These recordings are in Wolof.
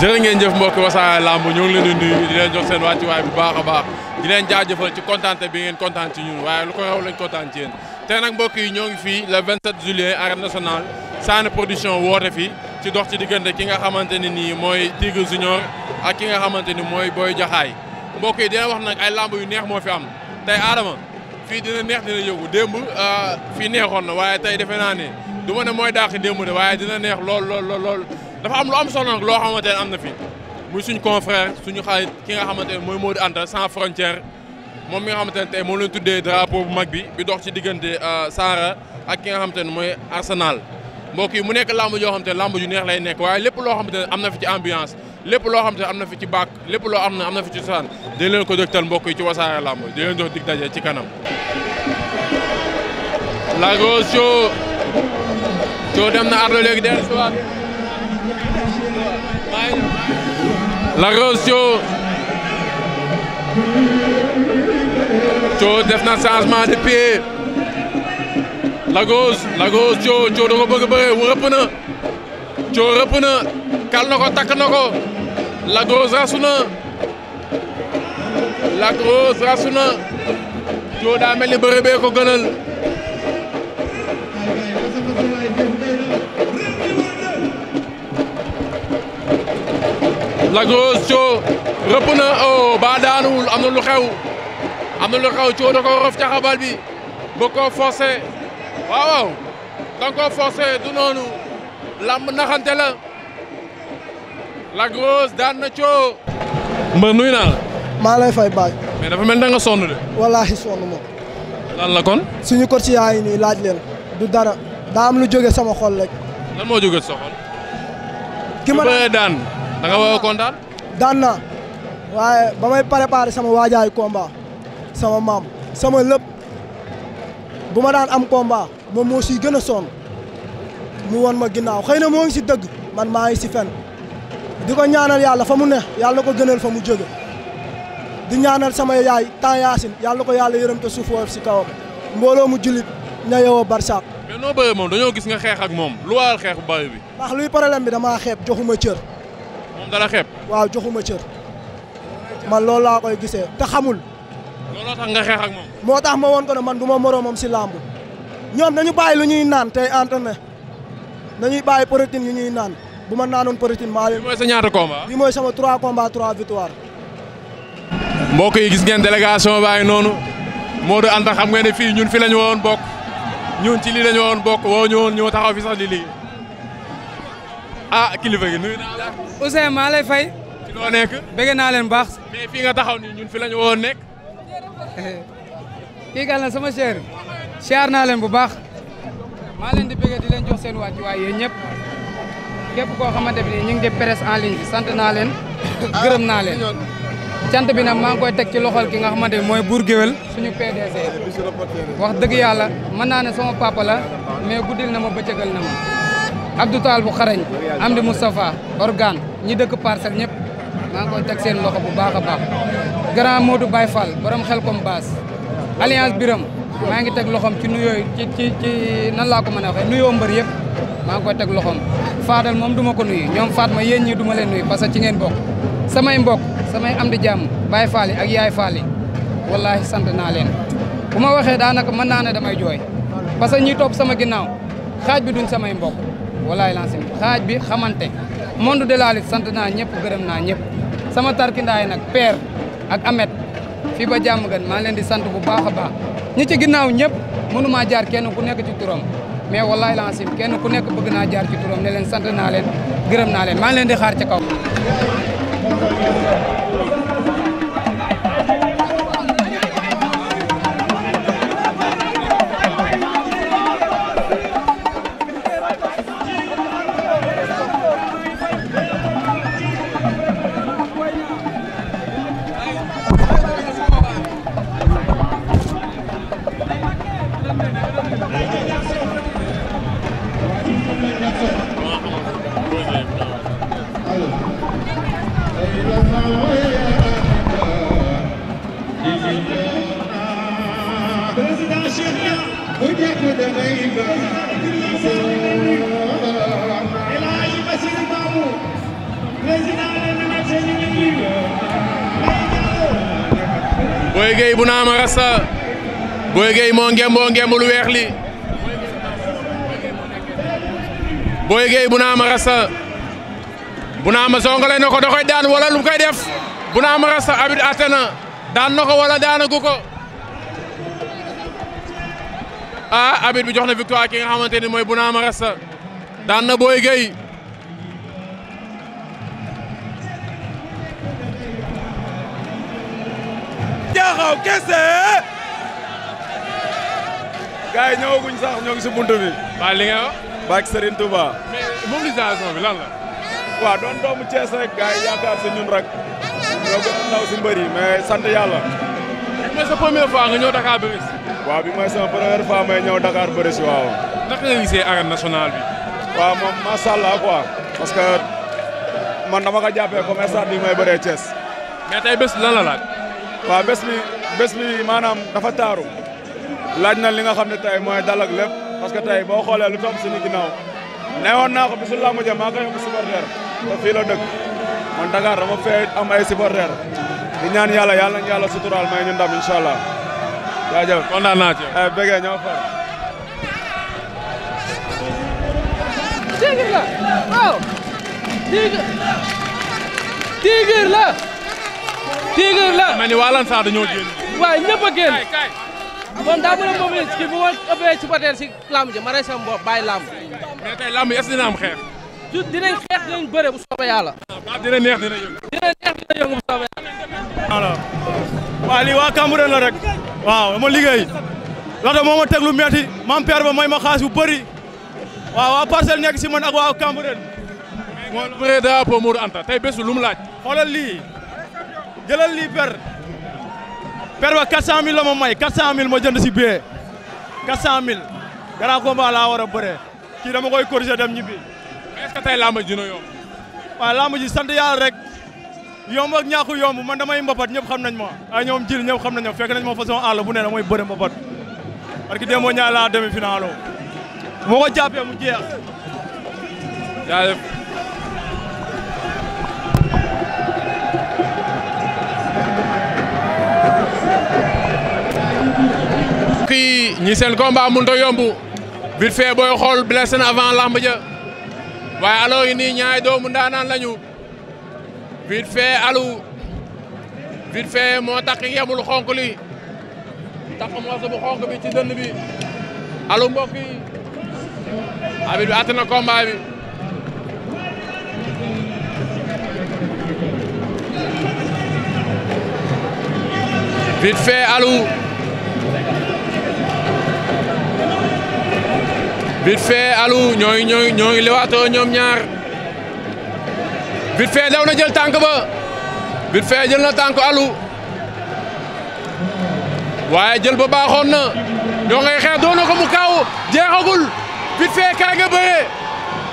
dina ngeen jëf mbokk Wassare Lamb ñoo ngi leen di nuyu di leen jox seen wàccuwaay bu baax a baax di leen jaajëfal ci kontaante bi ngeen kontaan ci ñun waaye lu ko raw lañ kontaan ci yéen tey nag mbokk yi ñoo ngi fii le 27 juillet nationale Sané production woote fi ci dox ci diggante ki nga xamante ne nii mooy Tigre Junior ak ki nga xamante ni mooy Boy Jaxaay mbokk yi dina wax nag ay lamb yu neex moo fi am tey Adama fii dina neex dina yëngu démb euh, fii neexoon na waaye tey defe naa ne du ne mooy dàq démb de waaye dina neex lool lool lool dafa am lu am solo nag loo xamante ne am na fi muy suñu confrère suñu xarit ki nga xamante ne mooy Modou Anta sans frontière moom mi nga xamante ne tey moom leen tuddee drapeau bu mag bi bi dox ci diggante euh, Saara ak ki nga xamante ne mooy Arsenal mbokk yi mu nekk làmb joo xamante ne làmb ju neex lay nekk waaye lépp loo xamante ne am na fi ci ambiance lépp loo xamante ne am na fi ci bàq lépp loo am na am na fi ci saan di leen ko dégtal mbokk yi ci wasaare làmb di leen jox dig daje ci kanam Lac Rose Thio Thio def na changement de pied Lac Rose Lac Rose Thio Thio wu rëpp na Thio kal na ko takk na rasu na Lac rasu na Thio daa mel ni ko gënal Lac Rose Thio rëpp na o oh, ba daanuwul am na lu am na lu xew Thio ko rof caxabal bi ba koo forcé waaw waaw danga koo forcé du noonu lamb naxante la Lac daan na Thio mbër nuyu naa la maa lay dafa mel da nga sonn de wallaahi sonn moom la kon suñu ko ci yaay nii laaj leen du dara daa am lu jóge sama xol rek moo jóge sa xol ki daan da nga woo kontaan. daan naa waaye ba may préparé sama waajaay combat sama maam sama lépp bu ma daan am combat moom moo siy gën a sonn mu won ma ginnaaw xëy na moo ngi si dëgg man maa ngi si di ko ñaanal yàlla fa mu ne yàlla ko gënal fa mu jóge di ñaanal sama yaay temps yaasin yàlla ko yàlla yërëm te si kawam mbooloo mu jullit ña yowoo barsaak. mais noo bëyee moom dañoo gis nga xeex ak moom lu waral xeex bu bàyyi bi. ndax luy problème bi damaa xeeb joxuma cër. moom dala waaw joxuma cër. man loolu laa koy gisee te xamul. looloo nga xeex ak moom. moo tax ma woon ko ne man du ma moroomam si làmb. ñoom nañu bàyyi lu ñuy naan tey entraîné nañuy bàyyi protéine yu ñuy naan bu ma naanoon protéine maa leen. mooy sa ñaata combat. bi mooy sama 3 combat 3 victoire. mbokk yi gis ngeen délégation baa ngi noonu Modou Anta xam ngeen ne fii ñun fi la ñu woon bokk ñun ci lii la ñu woon bokk woo ñu woon taxaw fi sax di liggéey. ah kilifa gi nuyu naa la. maa lay fay. ci noo nekk. bëgg naa leen baax. mais fii taxaw nii ñun fi la ñu woon nekk. kii gal na sama cher. siyaar naa leen bu baax. maa leen di bëgg di leen jox seen wàccuwaay yéen ñëpp. képp koo xamante bi ñu ngi def presse en ligne sant naa leen. Ah, gërëm naa leen. cant bi nag maa ngi koy teg ci loxol ki nga xamante ne mooy buur géwél suñu PDC wax dëgg yàlla mën naa ne sama papa la mais guddil na ma bëccëgal na ma Abdou Tall bu xarañ Amdi Moustapha organe ñi dëkk parcelle ñëpp maa ngi teg seen loxo bu baax a baax grand Modou Baye Fall borom xel comme baas alliance Biram maa ngi teg loxoom ci nuyooyu ci nan laa ko mën a waxee nuyoo mbër yëpp maa ngi teg loxom Fadal moom du ma ko nuyu ñoom Fatma yéen ñii du ma leen nuyu parce que ci ngeen bok samay mbokk sama am di jàmm Baye Fall ak Yaay Fall yi wallaahi sant naa leen bu ma waxee daanaka mën naa ne damay jooy parce que ñi topp sama ginnaaw xaaj duñ samay mbokk walaay lancim xaaj bi xamante monde de la sant naa ñëpp gërëm naa ñëpp sama tarkindaay nag père ak amet fii ba jàmm gan maa ngi leen di sant bu baax a baax ñi ci ginnaaw ñëpp mënumaa jaar kenn ku nekk ci turam mais walaay lancim kenn ku nekk bëgg naa jaar ci turam ne leen sant naa leen gërëm naa leen maa ngi leen di xaar ci kaw Gueye bu naama rasta Boy bu naama rasta bu naama songale daan wala lu def bu naama rasta abit atte na daan na ko wala daanagu ko ah bi jox na victoire ki nga xamante ni mooy bu naama rasta daan na Boy Gueye njaaxaaw kese gars sax ñoo ngi buntu bi waaw li nga wax baak Serigne Touba mais mobilisation bi lan la waaw doon doomu Thiès rek yaakaar si ñun rek ñoo gën a ndaw si mbër yi mais sant yàlla bi sa première fois nga ñëw Dakar Bërës waaw bi mooy sama première fois may ñëw Dakar Bërës waaw naka nga gisee arène nationale bi waaw parce que man dama ko jàppee comme stade bi may bëree Thiès mais lan la laaj waaw bés bi bés bi maanaam dafa taaru laaj na li nga xam ne tey mooy dal ak lépp parce que tey boo xoolee lu topp suñu ginnaaw newoon naa ko bisu làmb ja maa koy am supporter te fii la dëkk man Dakar dama fee am ay supporter di ñaan yàlla yàlla nañu yàlla suturaal may ñu ndam incha allah jaajëf tigre la waa lii waa Cambérène la rek. waaw dama liggéey. loolu moo ma teg lu metti maam ba may ma xaalis bu waaw waa parcelle nekk si man ak waa Cambérène. mooy lu bëree daa Modou Anta tey bésu lu laaj. xoolal lii. jëlal lii per per ba 400000 la ma may 400000 ma jënd si billet 400000 grand combat laa war a bëree kii dama koy corriger dem ñibbi. mais est-ce que tey làmb ji na yomb. waaw làmb ji sant yàlla rek yomb ak ñaaku yomb man damay mbapat ñëpp xam nañ ma ay ñoom jil ñëpp xam nañ ma fekk nañ ma façon àll bu ne damay bëri mbapat parce que démb ñaar laa demi-finale moo ko jàppee mu jeex. jaajëf. mbokk yi ñi seen combat mënut a booy xool blessé na avant lamb ja waaye allo yi nii ñaay doomu ndaanaan lañu vite fait alu vite fait moo takk yemul xonk li takk morso bu xonk bi ci dënn bi alu mbokk yi bi àtt na combat bi alu vite fait Alou ñoo ngi ñoo ngi ñoo ñoom ñaar vite fait daw na jël tànk ba vite fait jël na tànk Alou waaye jël ba baaxoon na ñoo ngay xeex doon ko mu kaaw jeexagul vite fait kaa nga bëree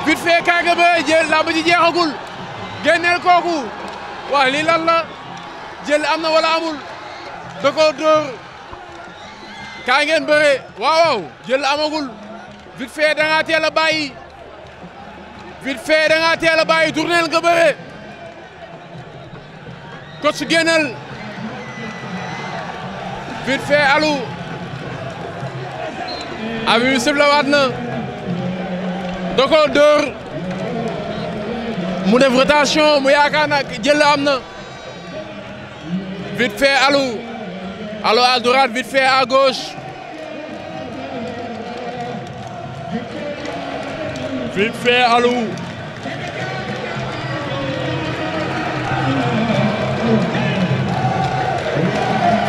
vite fait kaa nga bëree jël làmb ji jeexagul kooku waaye lii lan la jël am na wala amul da koo dóor kaa ngeen bëree waaw jël amagul. vite fait da ngaa teel a bàyyi vite fait nga bëre coach génnal vite fait alu abi bi sifla waat na da ko mu def rotation mu yaakaar nag jël am na vite fait alu alu à droite vite fait à gauche Vite fait, allô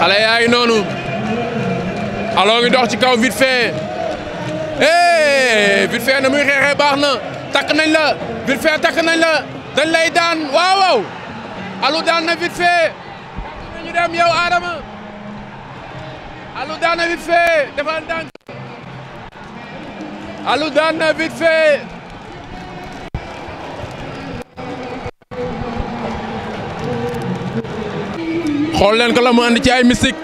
xale yaa ngi noonu aloo ngi dox ci kaw vite fait eh vite fait na muy xeexee baax na takk nañ la vite fait takk nañ la dañ lay daan waaw waaw allo daan na vite fait ñu dem yow daan na vite fait dafa daan allo daan na vite fait. xool ko la mu andi ci ay mystique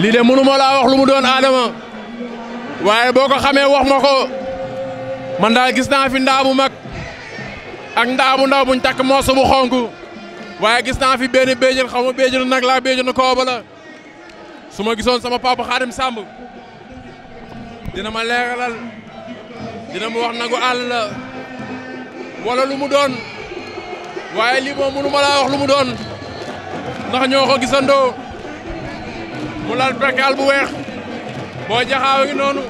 lii de mënu ma laa wax lu mu doon Adama waaye boo ko xamee wax ma ko man daal gis naa fi ndaa bu mag ak ndaa bu ndaw buñ takk moosu bu xonk waaye gis naa fi benn béjjën xaw ma béjjënu nag laa béjjënu kooba la su ma gisoon sama papa Xaadim Samb dina ma leeralal dina ma wax nagu àll la wala lu mu doon waaye lii moom mënu ma laa wax lu mu doon ndax ñoo ko gisandoo mu lal perkaal bu weex boo jaxaaw ngi noonu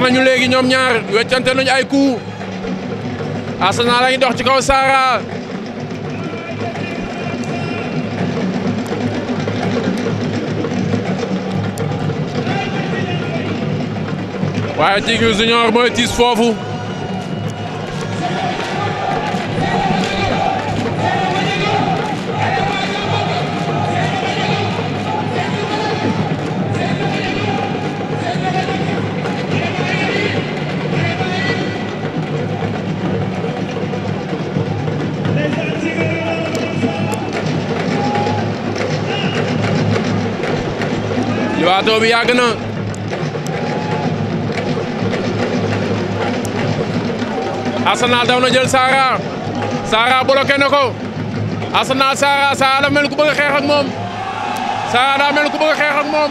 xeex nañu léegi ñoom ñaar weccante nañu ay coup Arsenal a ngi dox ci kaw Saara waaye Tigre Junior mooy foofu plateau bi yàgg na daw na jël saara Sara bloqué na ko Arsenal Sara Sara dafa mel ku bëgg a moom Sara daa mel ku bëgg a moom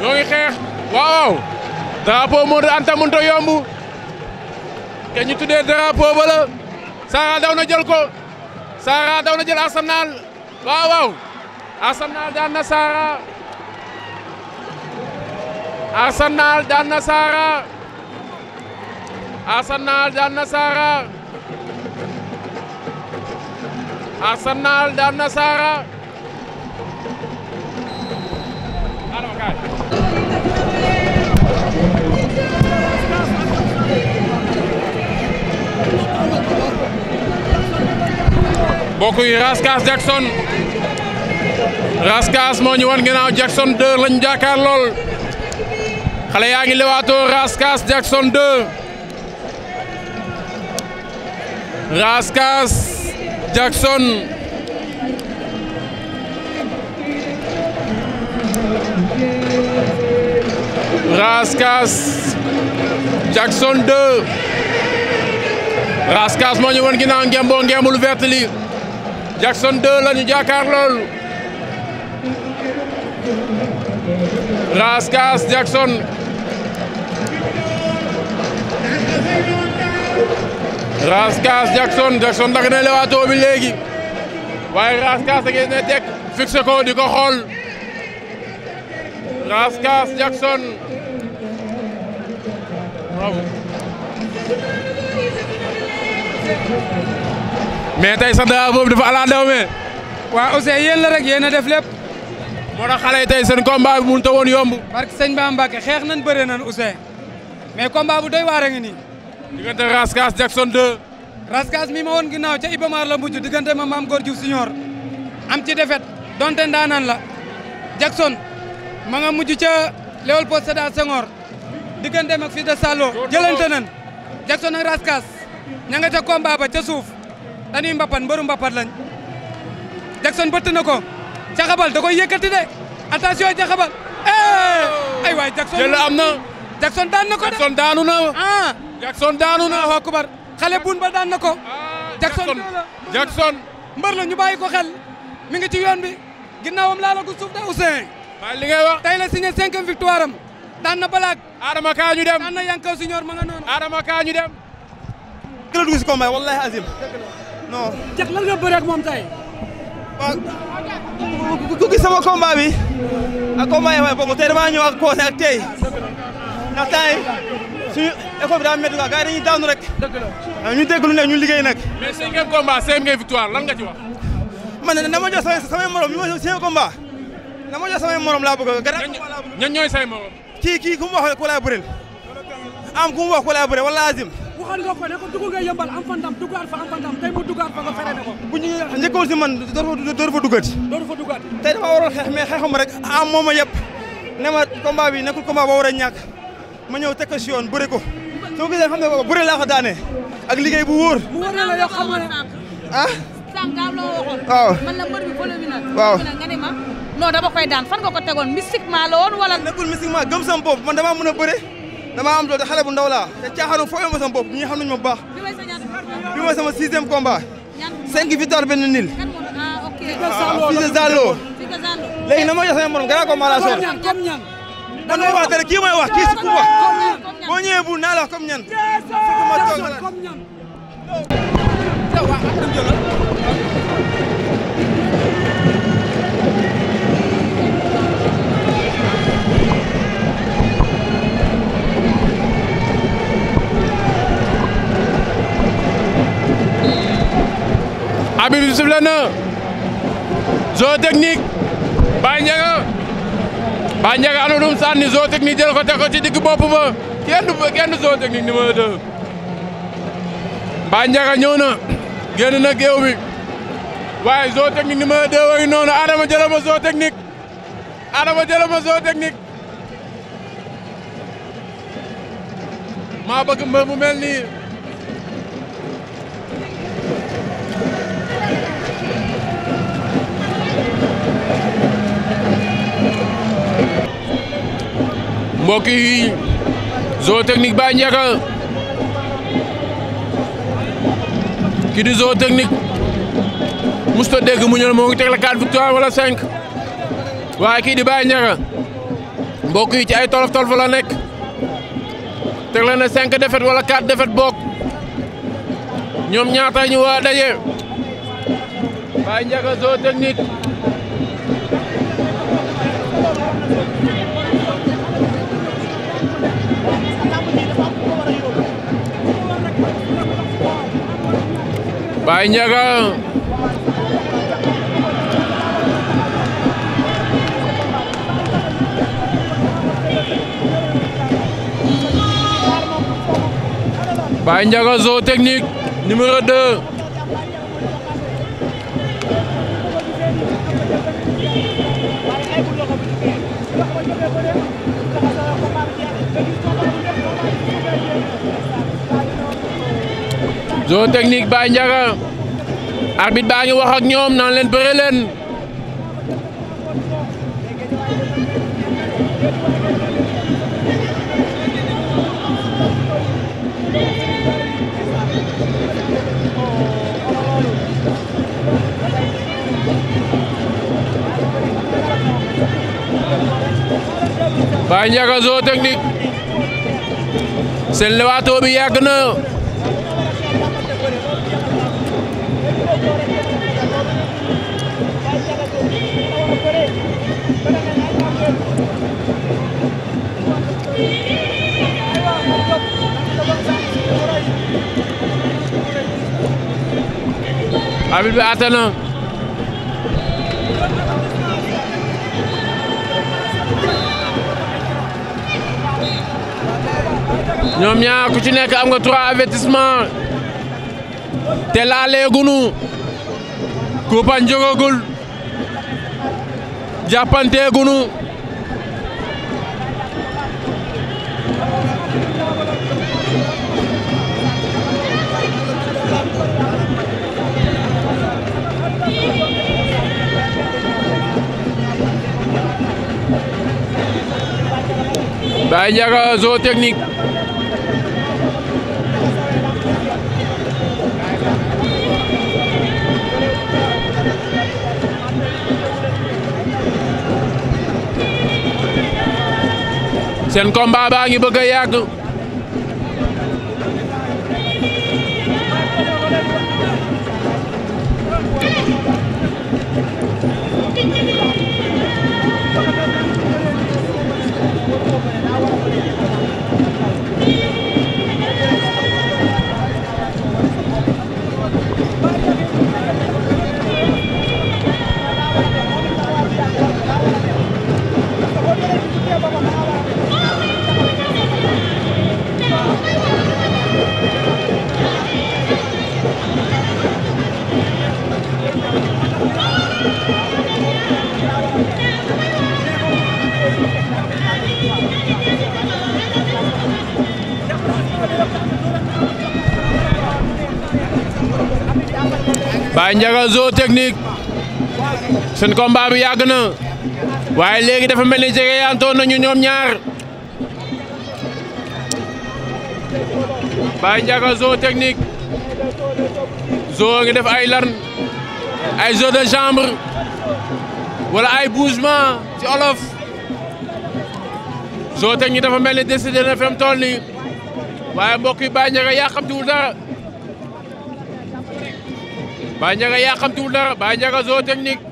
ñoo ngi xeex waaw drapeau Modou Anta mënut yomb te ñu tuddee drapeau ba la Sara daw na jël ko Sara daw na jël Arsenal waaw Arsenal daan na Sahara Arsenal daan na Sahara Arsenal daan na Sahara yi Raskas Jackson Raskas moo ñu won ginnaaw Jackson 2 lañu jàkkaar lool xale yaa ngi lewaatoo Raskas Jackson 2 Raskas Jackson Raskas Jackson 2 Raskas moo ñu won ginnaaw ngemboo ngembul vert li Jackson 2 lañu jàkkaar lool Raas Kaas Jackson Raas Kaas Jackson Jackson dag na bi léegi waaye Raas Kaas da ngeen ne ko di ko xool Raas Kaas Jackson bravo mais tey boobu dafa ala daw waa Ousseyn yéen la rek yéen def lépp moo tax xale yi tey seen combat bi mënut a woon yomb. barke sëñ Ba Mbacke xeex nañ bëree nañ Ousseyn mais combat bu doy waar a ngi nii. diggante Raskas Jackson 2. Raskas mi ma woon ginnaaw ca Ibamar la mujj diggante ma maam Góor Diouf am ci defet donte ndaanan la Jackson ma nga mujj ca Léopold Sédar Senghor digganteem ak fii de Sallo jëlante nañ Jackson ak Raskas ña nga ca combat ca suuf dañuy mbapat mbëru mbapat lañ Jackson bëtt na ko. Caxabal da koy yëkkati de attention Caxabal. Eh! Oh. ay waay Jackson jël am na. Jackson daan na ko de Jackson daanu na. ah Jackson daanu na. waaw kubar xale buun ba daan na ko. Ah, Jackson Jackson. mbër la ñu bàyyi ko xel mi ngi ci yoon bi ginnaawam laalagu suuf de Ousseyn. waaye li ngay wax tey la signé cinquième victoire am. daan na balaag. Adama kaa dem daan na Yankaw Senior ma nga noonu. Adama a azim. non. Jack lan nga moom tey. waaw ku sama combat bi ak combat yi may bokk tey damaa ñëw ak koose ak suñu école bi daa métti quoi gars yi dañuy daanu rek. dëgg la ah, ñu dégg lu ñu liggéey nag. mais cinquième combat cinquième victoire lan nga ci wax. na ma jox samay samay morom ñu ma jox cinquième combat na ma jox morom laa bëgg a. gannaaw ñan ñooy say morom. kii kii ku mu wax ku laa bëreel am ku mu ku laa bëreel wala waxoon nga ko ne ko dugg nga yëmbal am ko bu ñu njëkkoon si man dootu fa duggati dootu fa duggati tey dafa waroon xeex mais xeexuma rek am mooma yëpp ne ma combat bi nekkul combat boo war a ñàkk ma ñëw teg ko si yoon bëri ko xam ne ko bëri laa ko daanee ak liggéey bu wóor mu la yow xam nga ne ah sànq am loo waxoon waaw man la mbër bi fële bi na waaw nga ne ma non dama koy daan fan nga ko tegoon mystiquement la woon wala nekkul mystiquement gëm sam bopp man damaa mën a bëre damaa am doole te xale bu ndaw laa te caaxaanu fooyoo ma sama bopp ñi xam nañu ma bu baax. bi mooy sama sixième combat. cinq victoire benn nil. waaw ah, fii de Zallo. na ma jox sama morom grand combat laa soor. man ma wax dëgg kii mooy wax kii si ku boo ñëwee bu naa la wax ñan. arbitre bi sifflé na Joe Technique Baye Ndiaga Baye Ndiaga am na lu ko teg ko ci digg bopp ba kenn du kenn Joe Technique numéro 2 Baye Ndiaga ñëw na génn na géew bi waaye Joe Technique numéro 2 wa ngi noonu Adama jëlee ma Joe Technique Adama jëlee ma Joe Technique maa bëgg mbër mu mel nii. mbokk yi zootechnique ba Ndiaga ki di zootechnique musta dégg mu ñëw moo ngi teg la quatre victoire wala cinq waaye kii di Baye Ndiaga mbokk yi ci ay tolof tolof la nekk teg la na cinq défaites wala quatre défaites bokk ñoom ñaata ñu waa daje Baye Ndiaga zootechnique Baye Ndiaga Baye Ndiaga Zo Technique numéro 2 zone technique Baye Ndiaga arbitre baa ngi wax ñoom naan leen bëre leen Baye Ndiaga zone technique seen lewaatoo bi yàgg na arbitre bi àtte na ñoom ñaar ku ci nekk am nga trois avertissement te laaleegunu kupan jogagul jàppanteegunu Baye Ndiaga Zo Technique seen combat baa ngi bëgg a yàgg Baye Ndiaga Zo technique seen combat bi yàgg na waaye léegi dafa mel ni jege yaantoon nañu ñoom ñaar Baye Ndiaga Zo technique Zo ngi def ay larn ay jeu de chambre wala ay bougement ci olof soote ñi dafa mel ni décidé na fi mu toll nii waaye mbokk yi Baye Ndiaga yàqamtiwul dara Baye Ndiaga yàqamtiwul dara Baye Ndiaga Zo Technique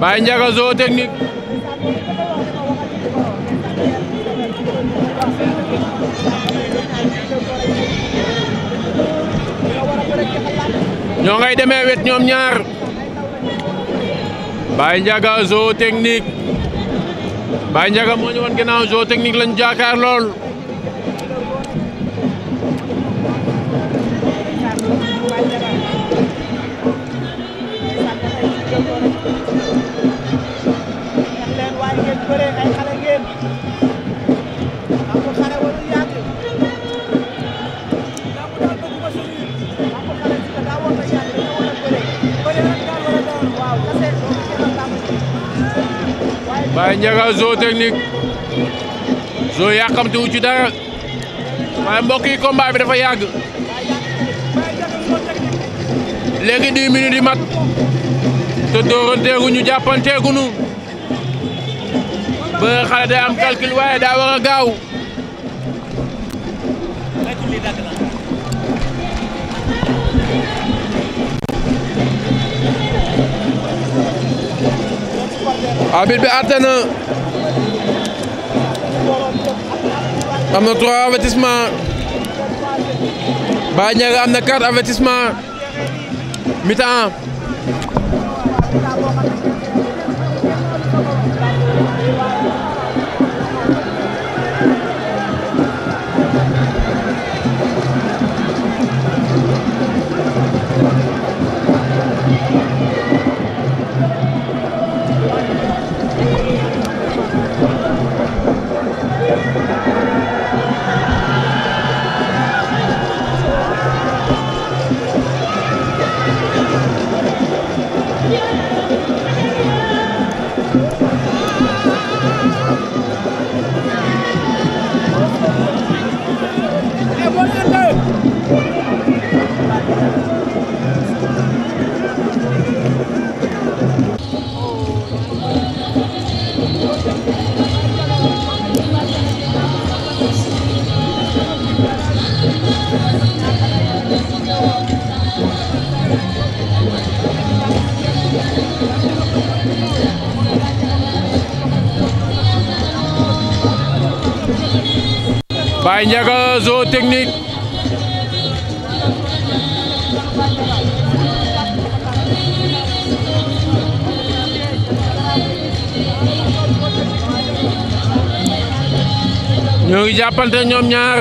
Baye Ndiaga Zo Technique ñoo ngay demee wet ñoom ñaar Baye Ndiaga Joe Technique Baye Ndiaga moo ñu woon ginnaaw Joe Technique lañu jaakaar lool Baye Ndiaga Zo technique Zo yàqamti wu ci dara waaye mbokk yi combat bi dafa yàgg léegi dix minutes yi mat te dóoranteeguñu jàppanteeguñu ba xale day am calcul waaye daa war gaaw. arbitre bi àtte na am na trois avertissement Baye Ndiaga am na quatre avertissement mi-temps Baye Ndiaga Zo Technique ñoo ngi jàppante ñoom ñaar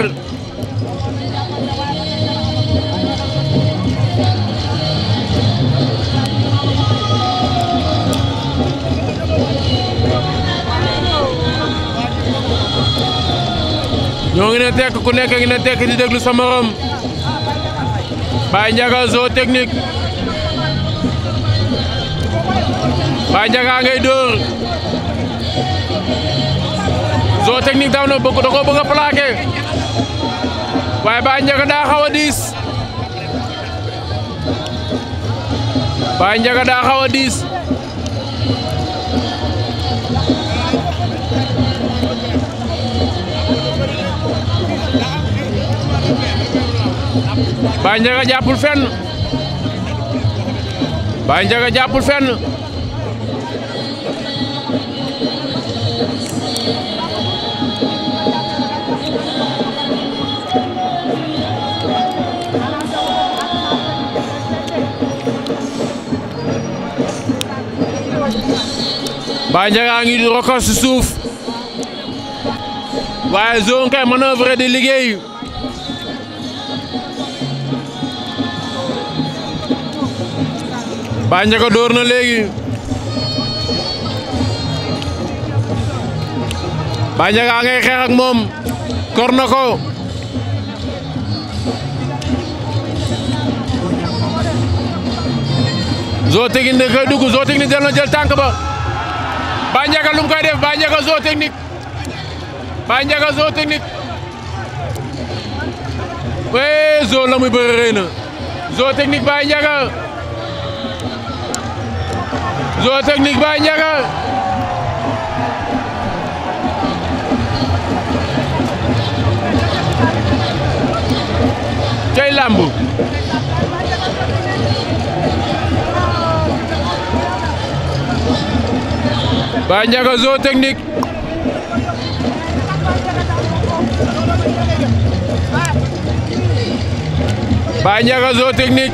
ñoo ngi ne tekk ku nekk ngi ne tekk di déglu sa morom Baye Ndiaga Zo Technique Baye Ndiaga dóor Zo Technique daaw na bëgg da koo bëgg a plaqué waaye Baye Ndiaga daa xaw diis Baye Ndiaga daa xaw diis Baye Ndiaga jàppul fenn Baye Ndiaga jàppul fenn Baye Ndiaga ngi di rokos si suuf waaye zone kay manoeuvre di liggéey Baye njaga door na léegi Baye Ndiaga ngay xeex ak moom kor na ko Zo Technique koy dugg Zo Technique del na jël tànk ba Baye Ndiaga lu mu def Baye Ndiaga Zo Technique Baye Ndiaga Zo Technique wee Zo la muy na Zo Technique Baye Ndiaga zoo technique Baye Ndiaga cay zoo technique Baye Ndiaga zoo technique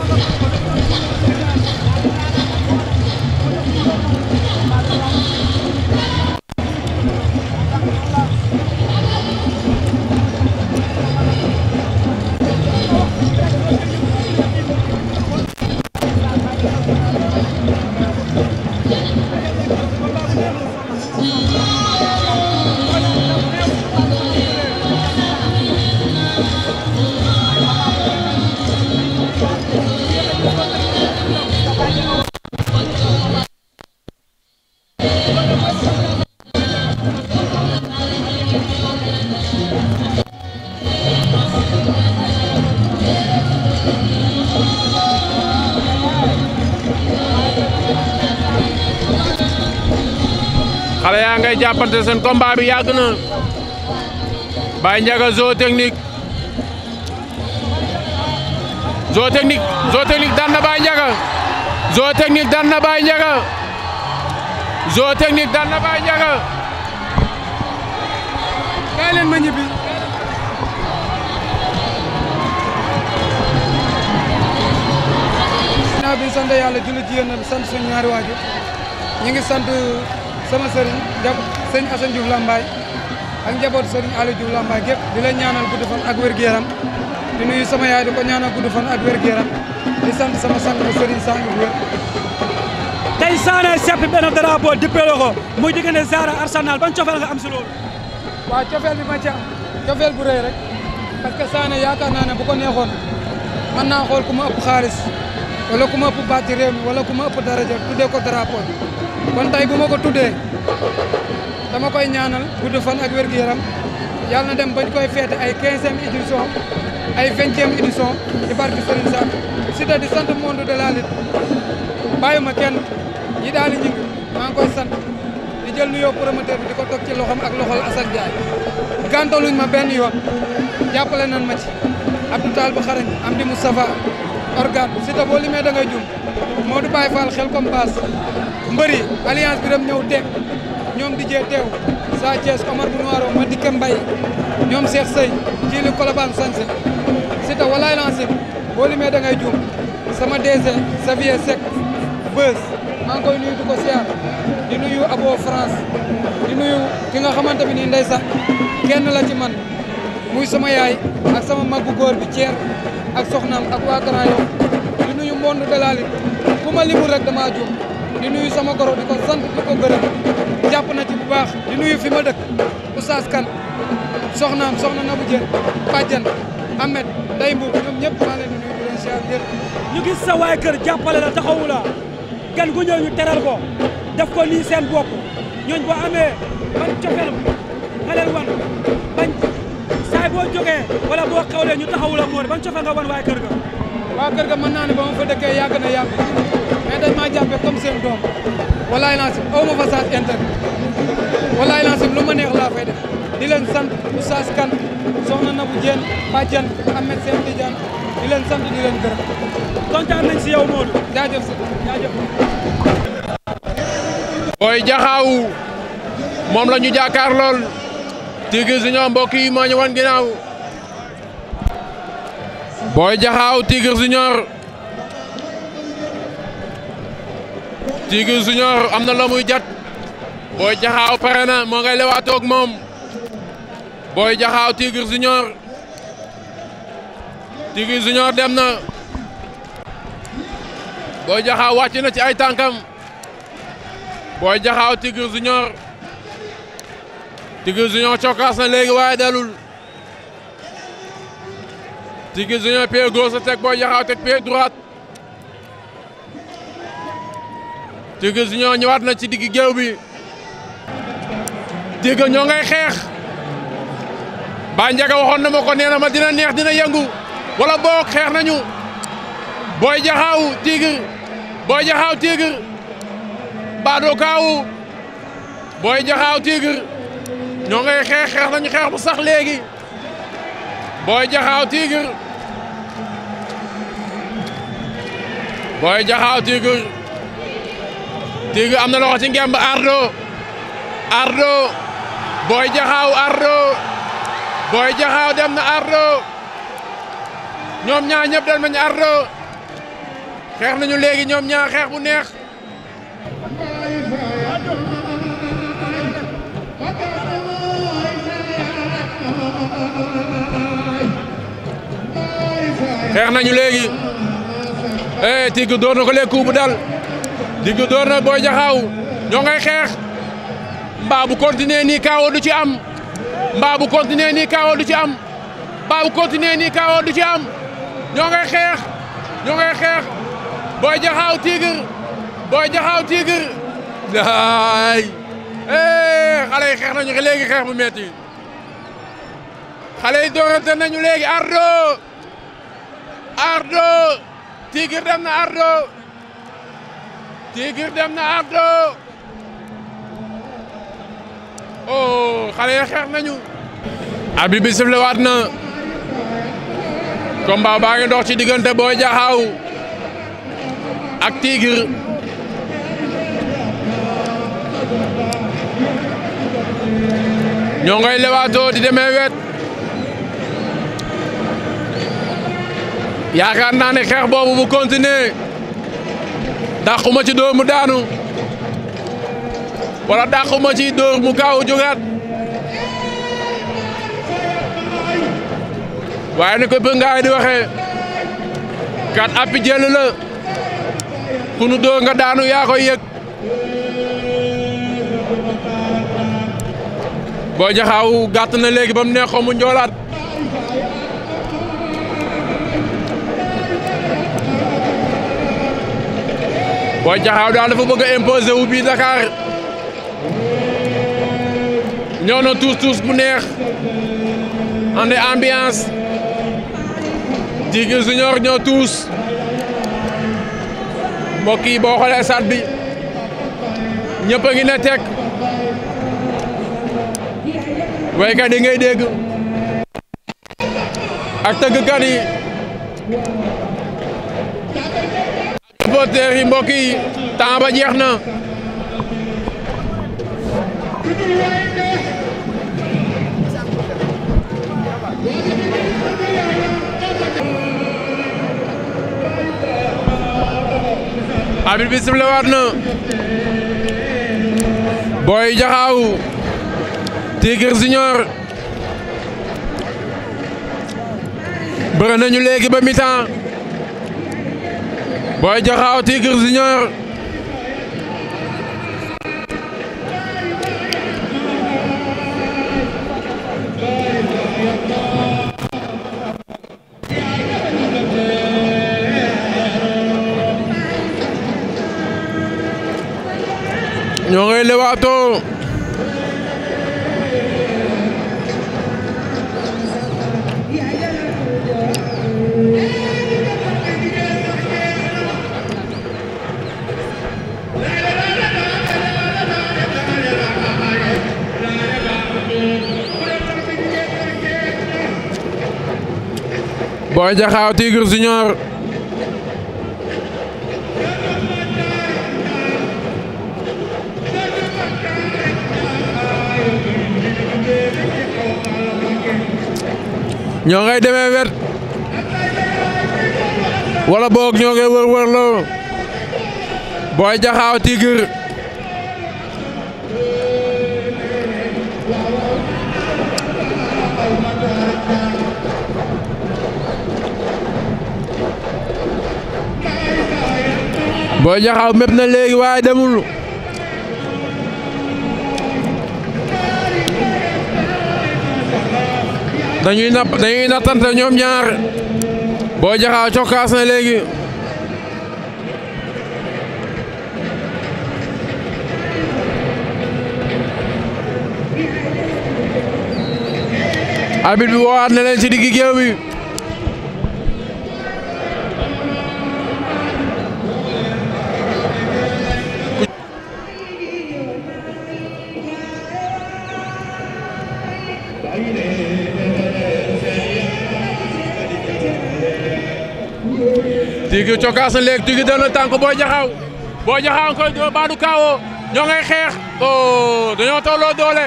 jàppante seen combat bi yàgg na Baye Ndiaga Zo Technique Zo Technique Zo Technique daan na Baye Ndiaga Zo Technique daan na Baye Ndiaga Zo Technique daan kaay leen ma naa bi sant yàlla julli ci yéen sant suñu ñaari waajur ngi sant sama sëriñ jab sëñ Assane Diouf ak njaboot sëriñ Aliou Diouf gépp di ñaanal gudd fan ak wér gu yaram di nuyu sama yaay di ak wér gu sant sama sant ba sëriñ sang wér tey Sané sepp benn drapeau dippeloo ko muy diggante Zara Arsenal ban cofeel nga am si loolu cofeel bi ma ci am cofeel bu rëy rek parce que Sané yaakaar naa ne bu ko neexoon man naa xool ku ma ëpp xaalis wala ku ëpp baati réew mi wala ku ma ëpp daraja tuddee ko drapeau kon tey bu ma ko tuddee dama koy ñaanal gudd fan ak wér gu yaram yàlla na dem bañ koy feete ay quinzième édition ay vingtième édition ci barke Serigne Sarr Siteu di sant monde de la lutte bàyyuma kenn yi daal di ñing maa ngi koy sant di jël nuyoo promoteur bi di ko toog ci loxom ak loxol Assane Ndiaye gàntaluñ ma benn yoon jàppale nan ma ci Abdou Tall bu xarañ am di Moustapha organe Siteu boo limee da ngay jum Modou Baye Fall xel comme base mbëri alliance bi dem ñëw teg ñoom di jee teew Sa Thiès Omar bu Noiro ma di Kambay ñoom Cheikh Sey kii li Colobane Sanse si ta walaay lancé boo limee da ngay juum sama DG Xavier Seck Beuz maa ngi koy nuyu di ko di nuyu Abo France di nuyu ki nga xamante bi nii ndeysaan kenn la ci man muy sama yaay ak sama mag bu góor bi Thier ak soxnaam ak waa Grand Yoff di nuyu monde de la ku ma limul rek damaa juum di nuyu sama goro di ko sant di ko gërëm jàpp na ci di nuyu fi ma dëkk Oustaz Kane soxnaam soxna Nabou Dieng Badiane Ahmed Ndeye Mbow ñoom ñëpp maa leen di nuyu di leen siyaar ñu gis sa waay kër jàppale la taxawu la gan gu ñëw ñu teral ko def ko nii seen bopp ñooñ boo amee ban cofeel nga leen wan bañ saay boo jógee wala boo xewlee ñu taxawu la moo ban cofeel nga wan waay kër ga waaw kër ga mën naa ne ba ma fa dëkkee yàgg na yàgg mais dañ maa jàppee comme seen doom walaay lancé aw ma fa saas internet walaay lancé lu ma neex laa fay def di leen sant Oustaz Kane soxna Nabou Diène Badiane Ahmed Sène Tidiane di leen sant di leen gërëm. kontaan nañ si yow Modou. jaajëf si booy jaxaaw moom la ñu jàkkaar lool Tigre Junior mbokk yi moo ñu wan ginnaaw. Boy Diakhao Tigre Junior Tigre Junior am na la muy jat Boy Diakhao pare na moo ngay lewaatoo ak moom Boy Diakhao Tigre Junior Tigre Junior dem na Boy Diakhao wàcc na ci ay tànkam Boy Diakhao Tigre Junior Tigre Junior cokkaas na léegi waaye dalul Tigre Junior pied gauche la teg Boy Diakhao teg pied droite Tigre Junior ñëwaat na ci digg géew bi Tigre ñoo ngay xeex Baye Ndiaga waxoon na ma ko nee ma dina neex dina yëngu wala boog xeex nañu Boy Diakhao Tigre Boy Diakhao Tigre Badou Kaawu Boy Diakhao Tigre ñoo ngay xeex xeex nañu xeex bu sax léegi Boy Diakhao Tigre Boy Diakhao Tigre Tigre am na loxo ci ngemb Ardo Ardo Boy Diakhao Ardo Boy Diakhao dem na Ardo ñoom ñaar ñëpp dem nañu Ardo xeex nañu léegi ñoom ñaar xeex bu neex xeex nañu léegi eh, Tigre door na ko léegi coup bu dal Tigre door na Boy Jaxaaw ñoo ngay xeex mbaa bu continuer nii kaawoo du ci am mbaa bu continuer nii kaawoo du ci am mbaa bu continuer nii kaawoo du ci am ñoo ngay xeex ñoo ngay xeex Boy Jaxaaw Tigre daay eh, xale yi xeex nañu léegi xeex bu metti xale yi doorante nañu léegi ardo Ardo Tigre dem na Ardo Tigre dem na Ardo oh xale ya xeex nañu. arbitre bi sifflé na combat baa ngi dox ci diggante Boy Diakhao ak Tigre ñoo ngay lewaatoo di demee wet. yaakaar naa ne xeex boobu mu continuer dàquma ci dóor mu daanu wala dàquma ci dóor mu gaaw jógaat waaye ni ko bëngaay di waxee kat appi jël la ku nu dóor nga daanu yaa koy yëg boo jaxaaw gàtt na léegi ba mu neexoo mu njoolaat Boy Diakhao daal dafa bëgg a imposer wu bii Dakar ñëw na tuus tuus bu neex andi ambiance Diguy Junior ñëw tuus mbokk yi boo xoolee stade bi ñëpp a ngi ne teg ngay dégg ak tëggkat yi. supporters yi mbokk yi temps ba jeex na arbitre bi sifflé waat na Boy Diakhao Tigre Junior bëre nañu léegi ba mi-temps Boy Diakhao Tigre Junior ñoo ngi lewaatoo Boy Diakhao Tigre Junior ñoo ngay demee wet wala boog ñoo ngay wër wër la Boy Diakhao Tigre Boy Jaxaw mépp na léegi waaye demul dañuy napp dañuy nattante ñoom ñaar Boy Jaxaw cokkaas na léegi arbitre bi woowaat na leen ci diggi géew bi Tigui cokaas na léegi Tigui dana tànk Boy Diakhao Boy Diakhao koy doo baadu kaawoo xeex oh, dañoo tolloo doole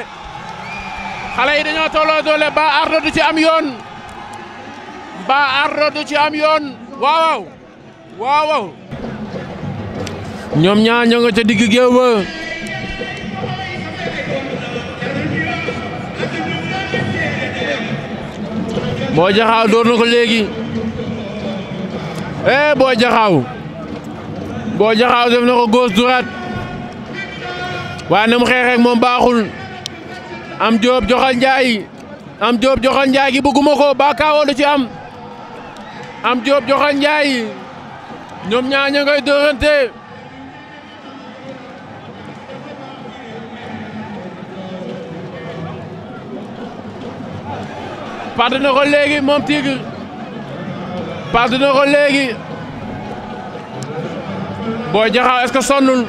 xale yi dañoo tolloo doole ba ardo du ci am yoon ba ardo du ci am yoon waaw waaw ñoom ñaar ñoo nga ca digg géew ba Boy Diakhao door na ko léegi eh Boy Jaxaaw Boy Jaxaaw def na ko gauche droite mu xeexeek moom baaxul am Diop joxal Njaay am Diop joxal Njaay gi bëgguma ko ba kaawoo ci am am Diop joxal Njaay ñoom ñaar ña ngay dóorante pàdd na ko léegi moom Tigre paas dina ko léegi Boy Jaxaaw est-ce que sonnul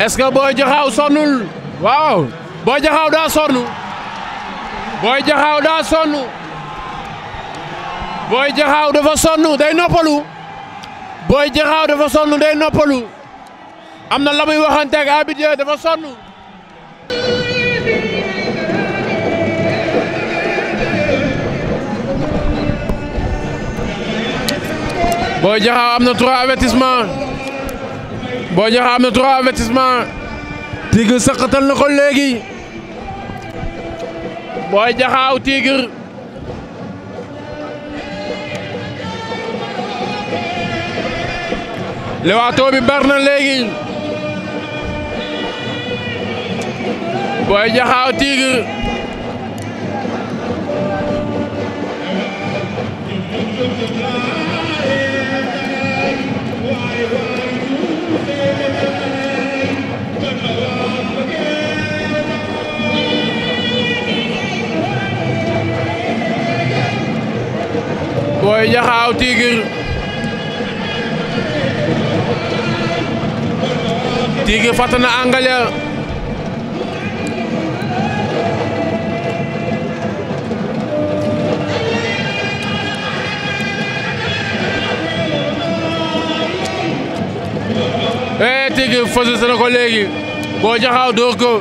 est-ce que Boy Jaxaaw sonnul waaw Boy Jaxaaw daa sonn Boy Jaxaaw daa sonn Boy Jaxaaw dafa sonn day noppalu Boy Jaxaaw dafa sonn day noppalu am na la muy waxante ak Abidjan dafa sonn Boy Diakha am na trois avertissement Boy Diakha am na trois saqatal na ko léegi Boy Diakha aw Tigre lewaatoo bi bar na léegi Boy Diakha aw Tigre Boy Diakhao Tigre Tigre fàtt na Angalya ee eh, Tigre fësës na ko léegi Boy Diakhao dóor ko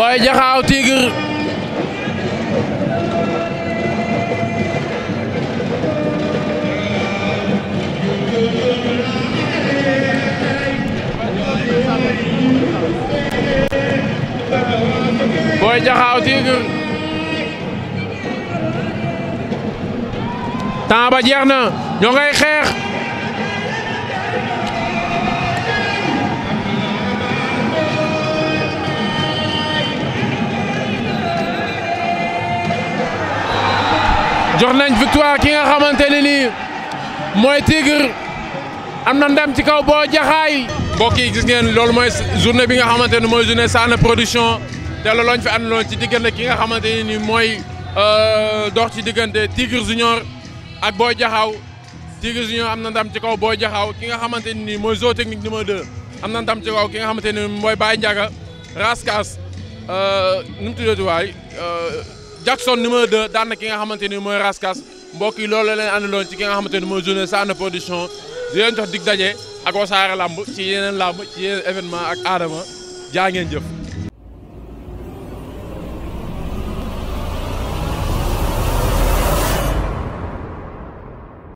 Boy Diakhao Tigre Boy Diakhao Tigre temps ba jeex na ñoo ngay xeex jox nañ victoire ki nga xamante ne nii mooy Tigre am na ndam ci kaw boo Jaxaay mbokk yi gis ngeen loolu mooy journée bi nga xamante ni mooy journée Sané Production te loolu lañ fi àndaloon ci diggante ki nga xamante ne nii mooy euh, dox ci diggante Tigre Junior ak boo Jaxaw Tigre Junior am na ndam ci kaw boo Jaxaw ki nga xamante ne nii mooy Zo Technique numéro dë am na ndam ci kaw ki nga xamante ne mooy baay Ndiaga Raskas euh, nu mu tuddati waay. Euh, Jackson numéro 2 daan na ki nga xamante ni mooy Raskas mbokk yi loolu la leen àndaloon ci ki xamante ni mooy journée Sané Production di leen jox daje ak Wassare Lamb ci yeneen lamb ci yeneen événement ak Adama jaa ngeen